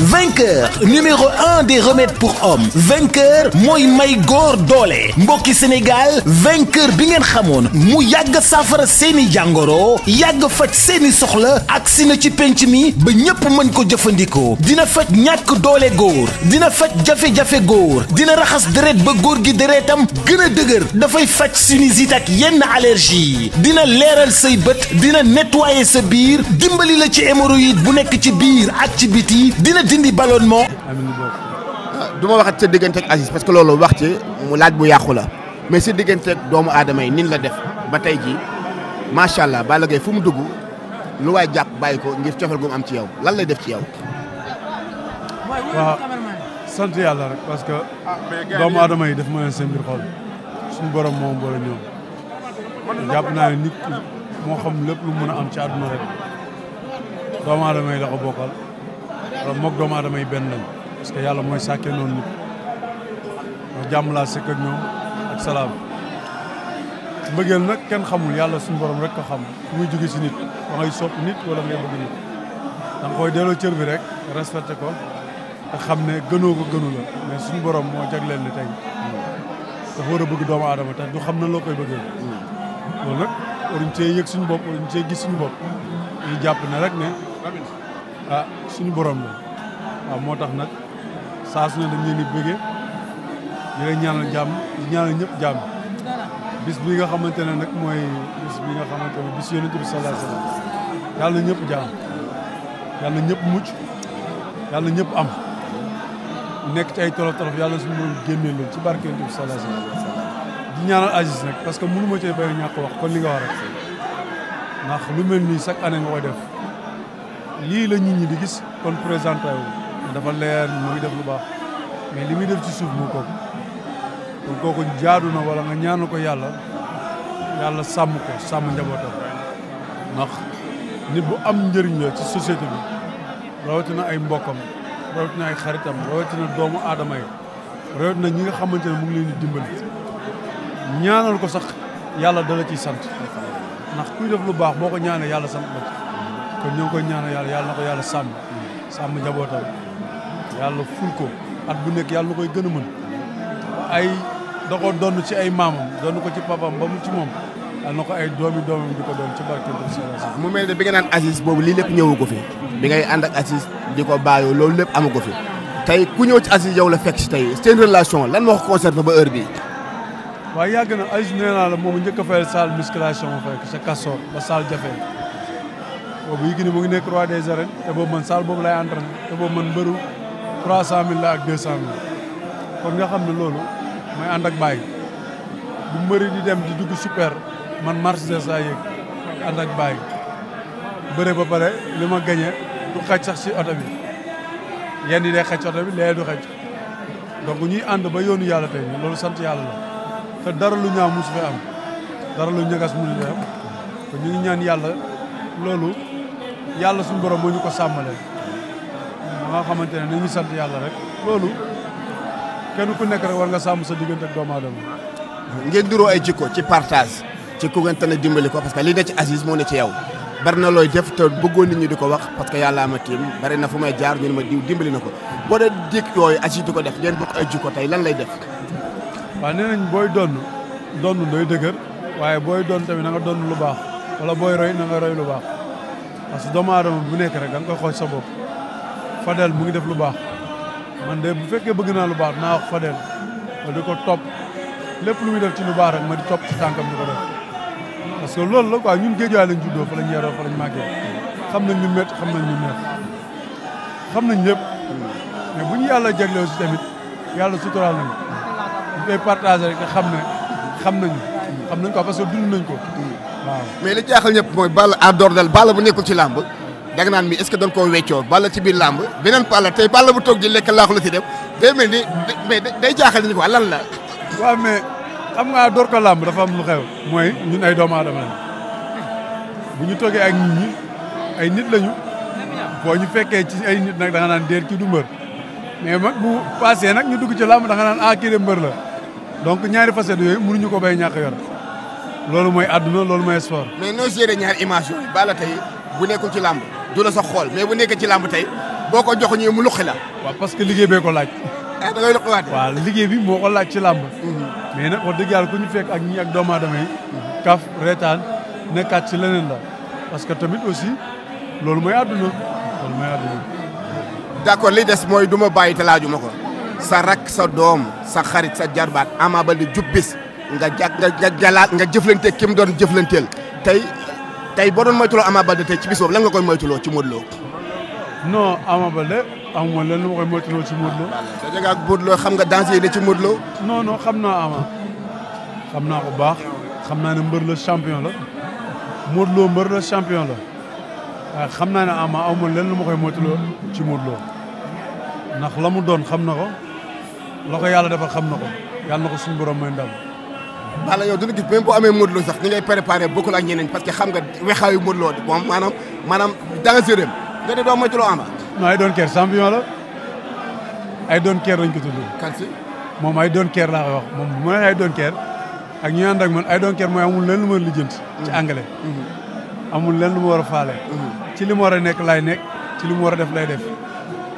vainqueur numéro un des remèdes pour hommes vainqueur mooy may góor doole mbokki Sénégal vainqueur bi ngeen xamoon mu yàgg saafara seeni jàngoro yàgg faj seeni soxla ak si na ci penc mi ba ñépp mën ko jëfandikoo dina faj ñàkk doole góor dina faj jafe-jafe góor dina raxas deret ba góor gi deretam gën a dëgër dafay faj sinusite ak yenn allergie dina leeral say bët dina nettoyer sa biir dimbali la ci hémorroïde bu nekk ci biir ak ci biti dina dindi ballonnement. du ma waxat sa diggante ak Aziz parce que loolu wax ci mu laaj bu yàqu la mais sa diggante ak doomu aadama yi nin la def ba tey jii macha allah Balla fu mu dugg lu waaye jàpp bàyyi ko ngir cofeel gu mu am ci yow lan lay def ci yaw waaw sant yàlla rek parce que doomu adama yi daf ma leen seen biir xol suñu borom moom boole ñoom jàpp naa ne nit moo xam lépp lu mun a am ci àdduna rek doomu aadama yi da ko bokkal. te moog doomu aadama yi benn lañ parce que yàlla mooy sàkkee noonu nit ñoo jàmm laa sëkk ak ñoom ak salaam mbëggeel nag kenn xamul yàlla suñu borom rek ko xam fu muy jóge si nit da ngay sopp nit wala ngay bëgg nit da nga koy delloo cër bi rek respecté ko te xam ne gënoo ko gënu la mais suñu borom moo jagleel ne tey dafa war a bëgg doomu aadama te du xam na loo koy bëggee loolu nag waruñ cee yëg suñu bopp waruñ cee gis suñu bopp ñu jàpp ne rek ne ah suñu borom la moo tax nag saa su ne dañ leen di bëgge di leen ñaanal jàmm di ñëpp jàmm bis bi nga xamante ne nag mooy bis bi nga xamante ne bis yonent bi sallallahu alayhi wasallam na ñëpp jàmm yàlla na ñëpp mucc yàlla na ñëpp am nekk ci ay tolof tolof yàlla suñu borom génnee leen ci barke yonent bi sallallahu alayhi wasallam di ñaanal Aziz nag parce que mënu ma cee bay ñàkk wax kon li nga war a ndax lu mel nii chaque année nga koy lii la nit ñi di gis kon présenté wu dafa leer mu ngi def lu baax mais li muy def ci suuf mu kooku kon jaadu na wala nga ñaanu ko yàlla yàlla sàmm ko sàmm njabootam ndax nit bu am njëriñ la ci société bi na ay mbokkam rawatina ay xaritam rawatina doomu aadama yi rawatina ñi nga xamante ne mu ngi leen di dimbali ñaanal ko sax yàlla dala ciy sant ndax kuy def lu baax boo ko ñaanee yàlla sant la kon ñoo ngi koy ñaanal yàlla yàlla na ko yàlla sàmm sàmm njabootam yàlla ful ko at bu nekk yàlla na koy gën a mën ay da ko ci ay maamam donn ko ci papam ba mu ci moom yàlla na ko ay doomi doomam di ko doon ci barke mu mel bi nga naan Aziz boobu lii lépp ñëwu ko fi bi nga ànd ak Aziz di ko bàyyoo loolu lépp amu ko fi tey ku ñëw ci Aziz yow la fekk si tey seen relation lan moo ko conservé ba heure bi waaye yàgg na Aziz nee naa la moom njëkk a fayal salle musculation fekk sa kasoor ba salle boobu Yékini mu ngi nekk roi des arènes te boobu man salle boobu lay entraîné te boobu man mbëru 300000 la ak 200000 kon nga xam ne loolu may ànd ak bàyyi bu mbëri di dem di dugg super man Mercedes laa yëg ànd ak bàyyi bëre ba pare li ma gañe du xaj sax si oto bi yenn yi day xaj oto bi lee du xaj donc ñuy ànd ba yoonu yàlla tey loolu sant yàlla la te dara lu ñaaw mosu fi am dara lu ñagas mënu fi am te ñu ñaan yàlla loolu yàlla suñu borom moo ñu ko sàmmale ba nga xamante ne nañu sant yàlla rek loolu kenn ku nekk rek war nga sàmm sa diggante ak doomu aadama ngeen duroo ay jikko ci partage ci ku ngeen tën a dimbali ko parce que li ne ci Aziz moo ne ci yow bari na looy def te bëggoon nit ñi di ko wax parce que yàllaa ma tiim bari na fu may jaar ñu ne ma diw dimbali na ko boo dee dik yooyu Aziz di ko def ngeen bokk ay jikko tey lan lay def waaw nee nañ booy donn donn doy dëgër booy doon tamit na nga lu baax wala booy roy na nga roy parce que doomu bu nekk rek da nga koy xooj sa bopp Fadel mu ngi def lu baax man de bu fekkee bëgg naa lu baax naa wax Fadel ma di ko topp lépp lu muy def ci lu baax rek ma di topp ci tànkam di ko def parce que loolu la a ñun géejuwaay lañ juddoo fa lañ yaroo fa lañ xam nañ ñu métti xam nañ ñu neex xam nañ ñëpp bu ñu yàlla jagleel aussi tamit yàlla suturaal nañu ñu koy partagé xam ne ñu nañu xam nañ ko parce que dund nañ ko mais li jaaxal ñëpp mooy Balla à dordal bu nekkul ci làmb da nga naan mi est ce que koo weccoo Balla ci biir làmb beneen Balla tey Balla bu toog di lekk laaxu la ci def day mel ni day jaaxal ni ñu ko lan la waaw mais xam nga door ko làmb dafa am lu xew mooy ñun ay doomu adama lañ bu ñu toogee ak nit ñi ay nit lañu boo ñu fekkee ci ay nit nag da nga naan déer kii du mbër mais mag bu passé nag ñu dugg ci làmb da nga naan ah kii mbër la donc ñaari facettes yooyu mënuñu ko bay ñàkk yor loolu mooy àdduna loolu mooy sport. mais noo géré ñaar image yooyu Balla tey bu nekkul ci làmb du la sax xool bu nekkee ci làmb tey boo ko jox ñëwee mu luqi la. waa parce que liggéey bee ko laaj. ah da ngay luqiwaatee. waaw liggéey bi moo ko laaj ci làmb. Mhm. mais na wax dëgg yàlla ku ñu fekk ak ñi ak doomu aadama yi. kaf reetaan nekkaat ci leneen la parce que tamit aussi loolu mooy àdduna loolu mooy àdduna. d'accord li des mooy du ma bàyyi te laajuma ko. sa rak sa doom sa xarit sa jarbaat Ama Baldé nga ja nga jalaat nga jëflante ki mu doon jëflanteel tey tey boo doon moytuloo Ama Baldé tey ci bis boobu lan nga koy moytuloo ci Modou noo non Ama Baldé amuma lan la ma koy moytuloo ci Modou Lo. sa xam nga danger yi ne ci Lo. non xam naa Ama xam naa ko baax xam naa ne mbër la champion la Modou Lo mbër la champion la xam naa ne Ama amuma lan la ma koy moytuloo ci Modou Lo la mu doon xam na ko la ko yàlla defal xam na ko yàlla na ko suñu borom may ndam. Balla yow dina gis même bu amee Modou Lo sax ni ngay préparé bokkul ak ñeneen parce que xam nga wexaayu Modou Lo di moom maanaam maanaam dangereux nga ne doo moytu ama non ay doon keer champion la ay doon keer lañ ko tudd kan moom ay doon keer laa koy wax moom bu ma ay doon keer ak ñu ak man ay doon keer mooy amul lenn lu ma lijjanti ci mm-hmm. anglais mm-hmm. amul lenn lu ma war a faale mm-hmm. ci li mu war a nekk lay nekk ci li mu war a def lay def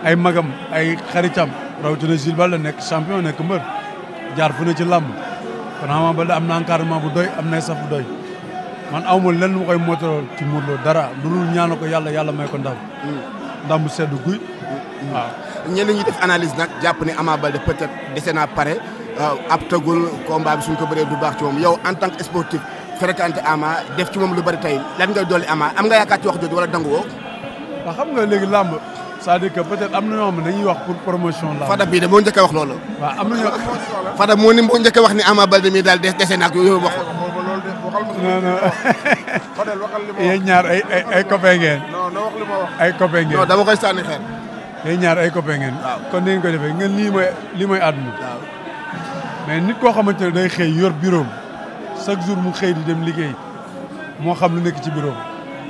ay magam ay xaritam rawatina Jules Baldé nekk champion nekk mbër jaar fu ne ci làmb kon Ama Baldé am na encadrement bu doy am na saf bu doy man aw ma lenn moo koy moytaloo ci Modou Lo dara lu dul ñaanal ko yàlla yàlla may ko ndam. Mm. ndam bu sedd guy. Mm-hmm. waaw ñenn ñi def analyse nag jàpp ne Ama Baldé peut-être dese naa pare euh, ab tagul combat bi suñ ko bëree du baax ci moom yow en tant que sportif fréquenté Ama def ci moom lu bari tey lan nga dolli Ama am nga yaakaar ci wax jooju wala dangu woo. waaw xam nga léegi làmb. c'est-à-dire que am na ñoo xam ne dañuy wax pour promotion la. Fada bii de moo njëkk a wax loolu. waaw am na ñoo Fada moo ni moo njëkk a wax ni Ama Baldé mi daal dese na ak yooyu wax. non non yéen ñaar ay ay ay copain ngeen. non non ay copain ngeen ñaar ay copain ngeen. kon ni ngeen ko defee ngeen lii mooy lii mooy àdduna. mais nit koo xamante ne day xëy yor bureau chaque jour mu xëy di dem liggéey moo xam lu nekk ci bureau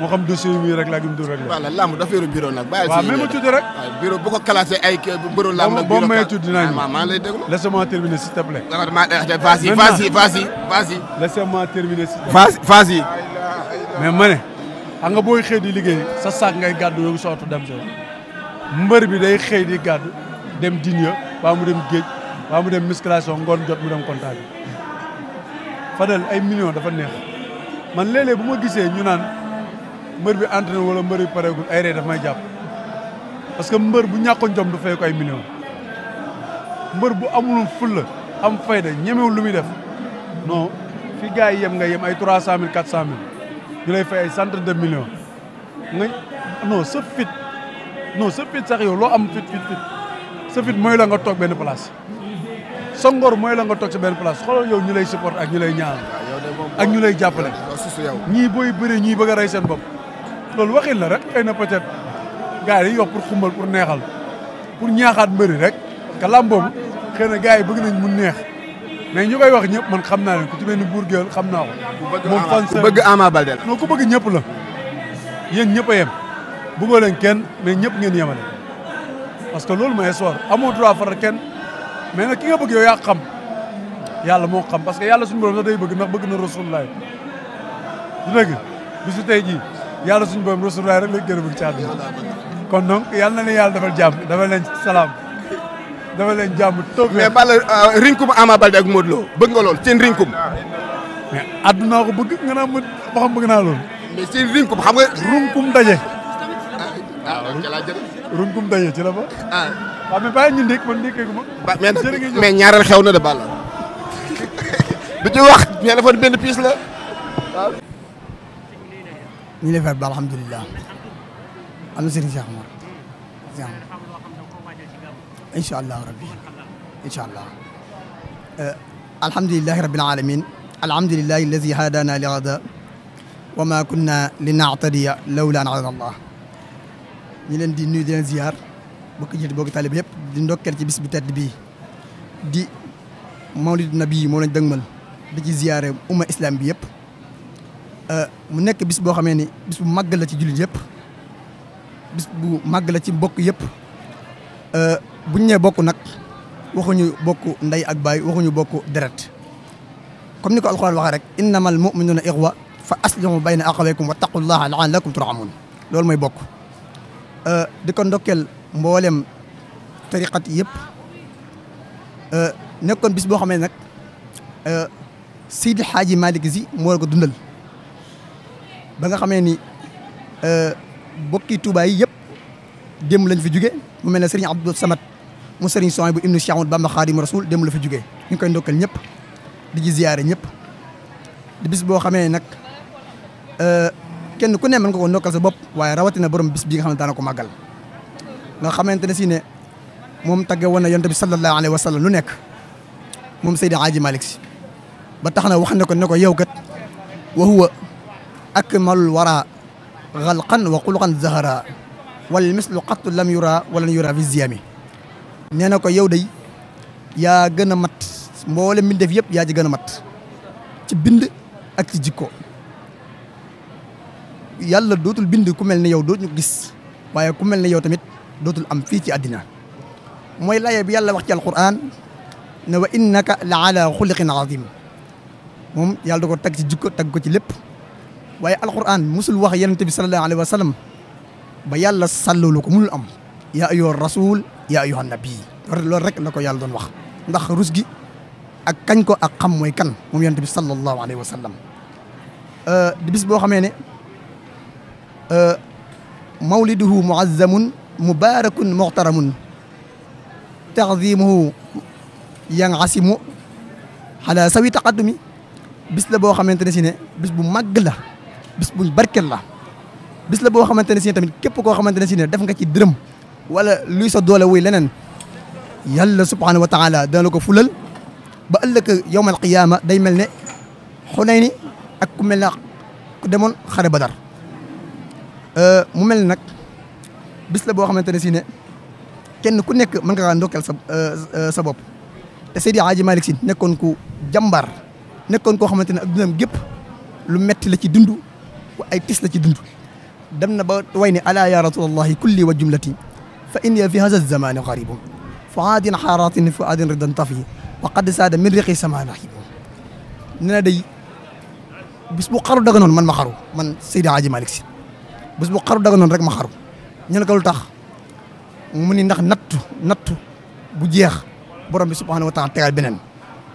moo xam dossier bi rek laa gëm du rek la. voilà làmb dafa yor bureau nag. bàyyi waaw même tudd rek. bureau bu ko ay bureau làmb nag. bureau boo may tudd naa ñu ah maa ngi lay déglu. laissez-moi terminer s'il te plaît. d'accord maa eh, eh, vas-y vas mais ma xam nga booy xëy di liggéey sa saak ngay gàddu yow sootu dem sa mbër bi day xëy di gàddu dem dinya baa mu dem géej baa mu dem musculation ngoon jot mu dem contact bi ay millions dafa neex man léeg bu ma gisee ñu naan mbër bi entraîné wala mbër bi pareegul ay ree daf may jàpp parce que mbër bu ñàkkoon jom du fay ko ay millions mbër bu amulum fulla am fayda ñemewul lu muy def non fi gars yem nga yem ay trois cent mille quatre cent mille ñu lay fay ay centaine de millions nga non sa fit sax yow loo am fit fit fit mooy la nga toog benn place sa ngor mooy la nga toog sa benn place xoolal yow ñu lay support ak ñu lay ñaan ah, ak ñu lay jàppale ñii booy bëre ñii bëgg a rey seen bopp loolu waxin la rek xëy na peut-être gars yi dañuy wax pour xumbal pour neexal pour ñaaxaat mbëri rek parce que làmb boobu xëy na yi bëgg nañ mu neex mais ñu koy wax ñëpp man xam naa leen ku ci mel ni Bour Gueweul xam naa ko. moom bëgg Ama Baldé la. non ku bëgg ñëpp la yéen ñëpp yem bëggoo leen kenn mais ñëpp ngeen yemale parce que loolu mooy sport amoo droit faral kenn mais nag ki nga bëgg yow yaa xam yàlla moo xam parce que yàlla suñu borom sax day bëgg ndax bëgg na Rasulullah du dëgg yàlla suñu borom rasulullaay rek lañ gën a bëgg ci àdduna kon donc yal na leen yàlla dafal jàmm dafa leen salaam dafa leen jàmm toog mais Balla euh, rinkum Ama Baldé ak Modou Lo bëgg nga lool seen rinkum mais àdduna ko bëgg nga naa ma ba bëgg na lool mais seen rinkum xam nga runkum daje ah, ah, runkum daje ci la ba ah. waaw mais bàyyi ñu ndékk man ndékkeeku ma mais ñaareel xew na de Balla du ci wax mais piis la ñu ngi lay fay ba alhamdulilah am na Serigne Cheikh Omar rabbi allah eh, alhamdulilahi rabbil alamin alhamdulilahi alladi hadana li hada allah ñi leen di nuyu di leen ziar bokk jël bokk talib yëpp di ndokkeel ci bis bu di mawlid nabi moo lañ di ci ziare umma islam bi yëpp mu nekk bis boo xamee ni bis bu màgg la ci jullit yëpp bis bu màgg la ci bokk yëpp euh, buñ nee bokk nag waxuñu bokk ndey ak baay waxuñu bokk deret comme ni ko alxuraan waxee rek innamal mu'minuuna ixwa fa aslihu bayna axawaykum wa taqullaha la'allakum turhamun loolu mooy bokk euh, di ko ndokkeel mboolem tariqat yépp euh, nekkoon bis boo xamee nag Seydi Xaaji Malick Si moo la dundal ba nga xamee ni euh, bokki Touba yi yëpp démb lañ fi juge mu mel ne Serigne Abdou Samad mu Serigne Soy bu Ibnu Cheikh Ahmadou Bamba Xaadimu Rasuul démb la fi jugee ñu koy ndokkal ñëpp di ji ziyaare ñëpp di bis boo xamee nag euh, kenn ku ne mën nga ko ndokkal sa bopp waaye rawatina borom biss bi nga xam ne daana ko màggal nga xamante ne si ne moom tagge woon na yonent bi sallallahu alayhi wa sallam lu nekk moom Seydi Hadji Malick Sy ba tax na ko ne ko yow kat akmal wara xalqan wa xuluqan zahara wal mislu qattu lam yura walan yura fi ziyami nee ko yow day yaa gën a mat mboolem mi def yëpp yaa ci gën a mat ci bind ak ci jikko yàlla dootul bind ku mel ne yow dootuñu gis waaye ku mel ne yow tamit dootul am fii ci àddina mooy laye bi yàlla wax ci alquran ne wa innaka la ala xuliqin azim moom yàlla da ko tag ci jikko tag ko ci lépp waaye alquran musul wax yonent bi sallallahu alayhi wa sallam ba yàlla sàllalu ko munul am yaa ayyuha rasul yaa ayyuha nabi loolu rek la ko yàlla doon wax ndax rus gi ak kañ ko ak xam mooy kan moom yonent bi sallallahu alayhi wa sallam euh, di bis boo xamee ne euh, mawliduhu muazzamun mubarakun muxtaramun taxdimuhu yanqasimu ala sawi taqaddumi bis la boo xamante ne si ne bis bu màgg la bis buñ barkeel la bis la boo xamante ne si tamit képp koo xamante ne si ne def nga ci dërëm wala luy sa doole wuy leneen yàlla subhanahu wa taala dana la ko fulal ba ëllëg yowmal qiyaama day mel ne xunay ni ak ku mel ne ku demoon xare badar euh, mu mel nag bis la boo xamante ne si kenn ku nekk mën nga kaa ndokkeel sa euh, euh, sa bopp te Seydi Hadji Malick Sy nekkoon ku jàmbaar nekkoon koo xamante ne ak dunam gépp lu metti la ci dund ay tis ci dund dem na ba way ne ala ya rasulallahi kulli wa fa inni fi hasa zamani xaribum fuaadin xaaratin fuaadin ridan tafi wa qad saada min riqi sama rahibum nee na day bis bu xaru daga noonu man ma xaru man Seydi Hadji Malick Sy bis bu xaru daga noonu rek ma xaru ñu ne tax mu ni ndax nattu nattu bu jeex borom bi subhanahu wa taala tegal beneen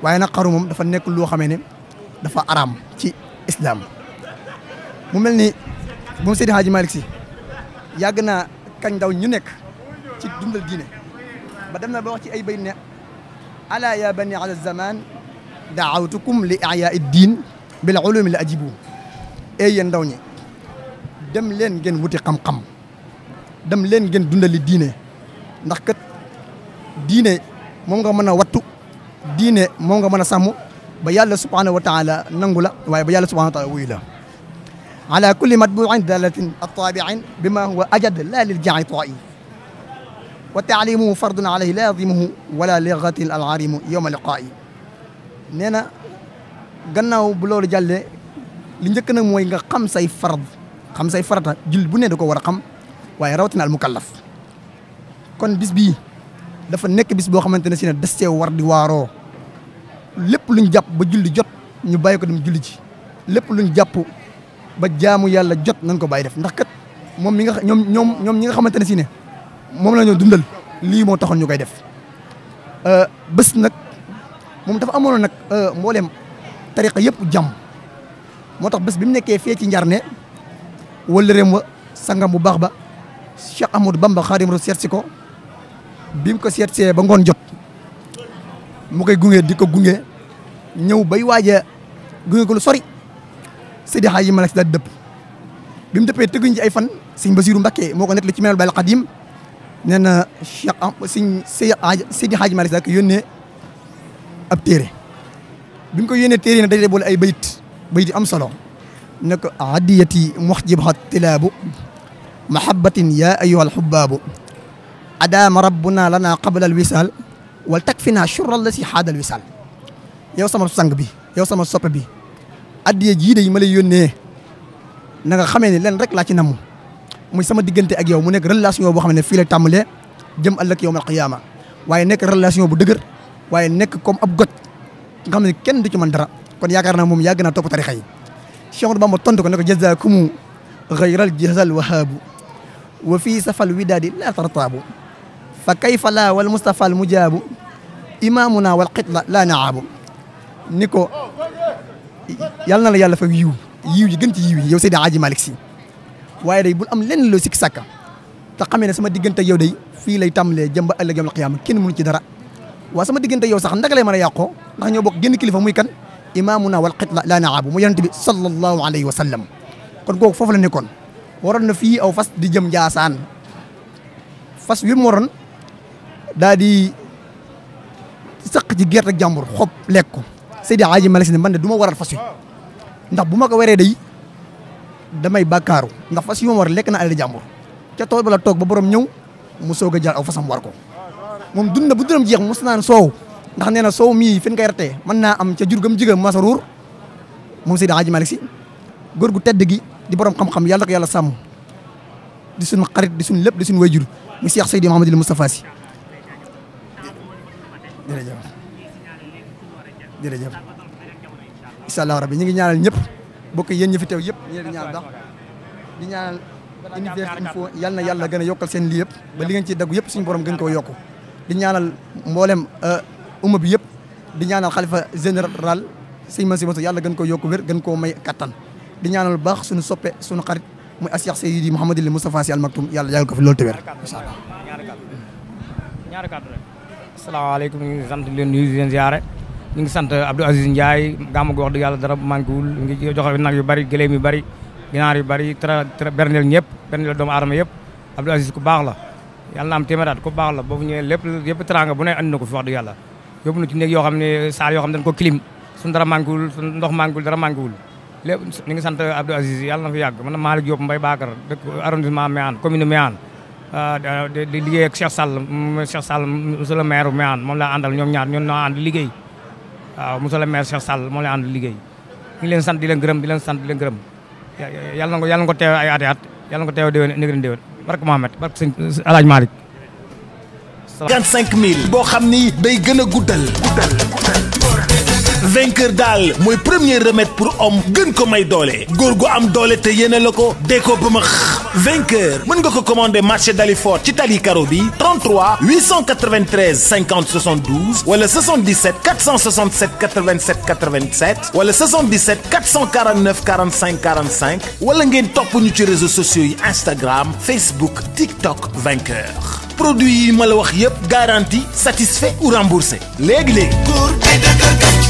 waaye nag xaru moom dafa nekk loo xamee ne dafa araam ci islam mu mel ni moom Seydi Hadji Malick Sy yàgg naa kañ ndaw ñu nekk ci dundal diine ba dem na ba wax ci ay bay ne ala ya bani ala zaman daawtukum li ayaa diin bil ulumi la ajibu ey yéen ndaw ñi dem leen ngeen wuti xam-xam dem leen ngeen dundali diine ndax kat diine moom nga mën a wattu diine moom nga mën a sàmm ba yàlla subhanahu wa taala nangu la waaye ba yàlla subhanahu wa taala wuyu la ala kulli matbuin dalatin attaabiin bima huwa ajad la lil jaitoi wa taalimuhu fardun alayhi la yadimuhu wala lighatin alarimu yowma liqaayi nee na gannaaw bu loolu jàllee li njëkk nag mooy nga xam say fard xam say farata jullit bu ne da ko war a xam waaye rawatina al mukallaf kon bis bii dafa nekk bis boo xamante ne si ne des cee war di waaroo lépp luñ jàpp ba julli jot ñu bàyyi ko dem julli ci lépp luñ jàpp ba jaamu yàlla jot nañ ko bàyyi def ndax kat moom mi nga ñoom ñoom ñoom ñi nga ne si ne moom la dundal lii moo taxoon ñu koy def euh, bés nag moom dafa amoon nag euh, mbooleem tariqa yëpp jàmm moo tax bés bi mu nekkee fee ci njarne wala rem wa sangam bu baax ba Cheikh Ahmadou Bamba Xaadim Rasul seet si ko bi ko seet see ba ngoon jot mu koy gunge di ko gunge ñëw bay waaj a gunge ko sori. Seydi Hadji Malick Sy daal di dëpp bi mu dëppee tëgguñ ci ay fan sëñ Basiiru Mbakke moo ko nettali ci Minanul Baaqil Qadiim nee na Cheikh am sëñ Seydi Hadji Malick Sy daal yónnee ab téere bi mu ko yónnee téere nag dañu boole ay bayit bayit yu am solo ne ko adiyati muxjibha tilaabu mahabbatin yaa ayuha alxubaabu adaama rabbuna lana qabla alwisaal wal takfina shurra allati haada alwisaal yow sama sang bi yow sama soppe bi addiye jii day ma lay yónnee na nga xamee ne leen rek laa ci namm muy sama diggante ak yow mu nekk relation boo xam ne fii la tàmbalee jëm ëllëg yawmal qiyaama waaye nekk relation bu dëgër waaye nekk comme ab got nga ne kenn du ci mën dara kon yaakaar naa moom yàgg naa topp tarixa yi Cheikh Ahmadou Bamba tontu ko ne ko jazaakumu xayral jazal wahaabu wa fii safal widaadi laa tartaabu fa kayfa laa wal mustafa al mujaabu imaamuna wal xitla laa naabu ni yàlla na la yàlla fa yiw yiw yi gën ci yiw yi yow Seydi Hadji Malick Sy waaye day bul am lenn loo sikki sàkka te xamee ne sama diggante ak yow day fii lay tàmbalee jëm ba ëllëg yawmal qiyaama kenn mënu ci dara waaw sama diggante yow sax ndaka lay mën a yàqoo ndax ñoo bokk génn kilifa muy kan imaamuna wal xit la naabu mu yonente bi sallallahu alayhi wa sallam kon kooku foofu la nekkoon waroon na fii aw fas di jëm njaasaan fas wi mu waroon daa di sëq ci gerte ak jàmbur xob lekk ko Seydi Hadji Malick ne man de du ma waral fas wi ndax bu ma ko waree day damay bàkkaaru ndax fas yu ma war lekk na alal jàmbur ca tool la toog ba borom ñëw mu soog a jaar aw fasam war ko moom dund na bu dundam jeex mos naan soow ndax na soow mii fi ñu koy mën naa am ca jur gam jigéen masa ruur moom Seydi si góor gu tedd gi di borom xam yàlla yàlla sàmm di suñu xarit di suñu lépp di suñu wayjur mu Cheikh Seydi Mouhamadou Moustapha Sy jërëjëf incha allah rabbi ñu ngi ñaanal ñëpp bokk yéen ñi fi teew yëpp ñu ngi ñaanal ndax di ñaanal Univers Info yal na yàlla gën a yokkal seen lii yëpp ba li ngeen ciy daggu yëpp suñu borom gën ko yokku di ñaanal mboolem euh, umma bi yëpp di ñaanal xalifa général sëñ Mansour Mansour yàlla gën koo yokku wér gën koo may kattan di ñaanal baax suñu soppe sunu xarit muy Asiyax Seydi Mouhamadil Moustapha Sy Al Maktoum yàlla yàggal ko fi loolu te wér ñu ngi sant Abdou Aziz Ndiaye gàmmu gi wax dëgg yàlla dara manquewul ñu ngi joxe nag yu bari gëléem yu bari ginaar yu bari tra berneel ñëpp berneel doomu aadama yëpp Abdou Aziz ku baax la yal na am téeméeraat ku baax la boobu ñëwee lépp yëpp teranga bu ne andi na ko fi wax dëgg yàlla yóbbu na ci néeg yoo xam ne saal yoo xam ne dañ ko clim suñu dara manquewul suñu ndox manquewul dara manquewul lépp ñu ngi sant Abdou Aziz yàlla na fi yàgg man Malick Diop Mbaye Bakar dëkk arrondissement Méane commune Méane ah, di liggéey ak Cheikh Sall Cheikh Sall monsieur le maire Méane moom àndal ñoom ñaar ñoom ñoo liggéey waaw monsieur le maire Cheikh Sall moo lay ànd liggéey ñu ngi leen sant di leen gërëm di leen sant di leen gërëm yàlla na ko yàlla na ko teew ay ati at yàlla na ko teew déwén négrin déwén barke Mohamed barke sëñ Alaaj Malick boo xam ni day gën a guddal guddal vainqueur daal mooy premier remède pour homme gën ko may doole góor gu am doole te yeneen la ko dee ko ba ma vainqueur mën nga ko commander marché Dalifort ci tali karo bi 33 893 50 72 wala 77 467 87 87 wala 77 449 45 45 wala ngeen topp ñu ci réseaux sociaux yi Instagram Facebook TikTok vainqueur produit yi ma la wax yépp garantie satisfait ou remboursé léegi léegi.